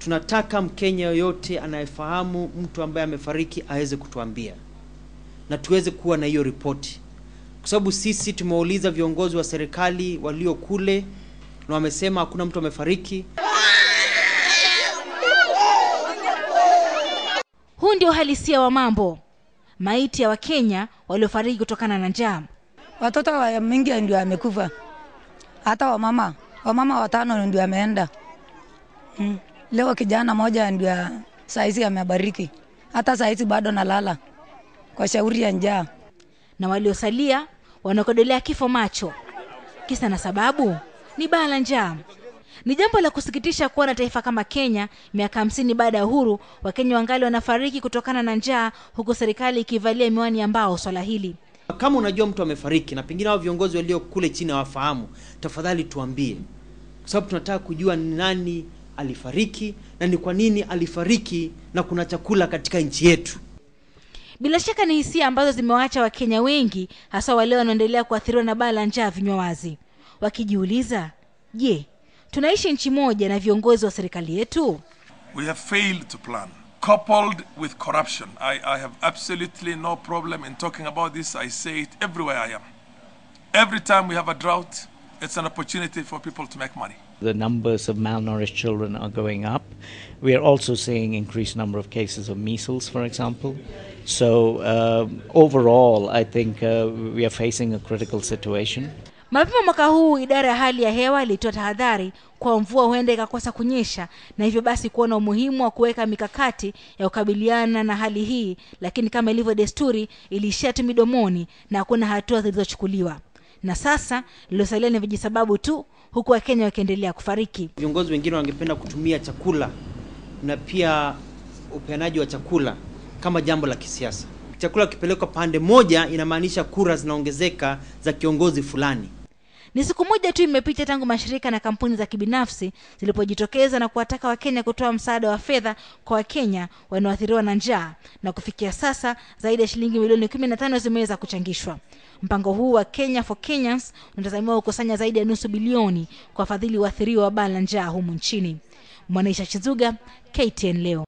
tunataka Mkenya yoyote anayefahamu mtu ambaye amefariki aweze kutuambia na tuweze kuwa na hiyo ripoti, kwa sababu sisi tumewauliza viongozi wa serikali walio kule na wamesema hakuna mtu amefariki. Huu ndio uhalisia wa mambo, maiti ya Wakenya waliofariki kutokana na njaa. Watoto wa mingi ndio amekufa, hata wamama wamama watano ndio ameenda mm. Leo kijana moja ndio saizi amebariki, hata saizi bado nalala kwa shauri ya njaa. Na waliosalia wanakodolea kifo macho, kisa na sababu ni baa la njaa. Ni jambo la kusikitisha kuona taifa kama Kenya miaka hamsini baada ya uhuru Wakenya wangali wanafariki kutokana na njaa, huku serikali ikivalia miwani ambao swala hili kama unajua mtu amefariki na pengine hao viongozi walio kule chini hawafahamu, tafadhali tuambie, kwa sababu tunataka kujua nani alifariki na ni kwa nini alifariki na kuna chakula katika nchi yetu. Bila shaka ni hisia ambazo zimewaacha Wakenya wengi hasa wale wanaoendelea kuathiriwa na baa la njaa vinywa wazi, wakijiuliza, je, tunaishi nchi moja na viongozi wa serikali yetu? We have failed to plan coupled with corruption. I, I have absolutely no problem in talking about this. I say it everywhere I am. Every time we have a drought, it's an opportunity for people to make money. The numbers of malnourished children are going up. We are also seeing increased number of cases of measles, for example. So uh, overall, I think uh, we are facing a critical situation. Mapema mwaka huu idara ya hali ya hewa ilitoa tahadhari kwa mvua huenda ikakosa kunyesha, na hivyo basi kuona umuhimu wa kuweka mikakati ya kukabiliana na hali hii, lakini kama ilivyo desturi, iliishia tu midomoni na hakuna hatua zilizochukuliwa na sasa liliosalia ni vijisababu tu, huku Wakenya wakiendelea kufariki. Viongozi wengine wangependa kutumia chakula na pia upeanaji wa chakula kama jambo la kisiasa. Chakula kipelekwa pande moja, inamaanisha kura zinaongezeka za kiongozi fulani. Ni siku moja tu imepita tangu mashirika na kampuni za kibinafsi zilipojitokeza na kuwataka Wakenya kutoa msaada wa fedha kwa Wakenya wanaoathiriwa na njaa, na kufikia sasa zaidi ya shilingi milioni kumi na tano zimeweza kuchangishwa. Mpango huu wa Kenya for Kenyans unatazamiwa kukusanya zaidi ya nusu bilioni kwa fadhili waathiriwa wa baa la njaa humu nchini. Mwanaisha Chizuga, KTN Leo.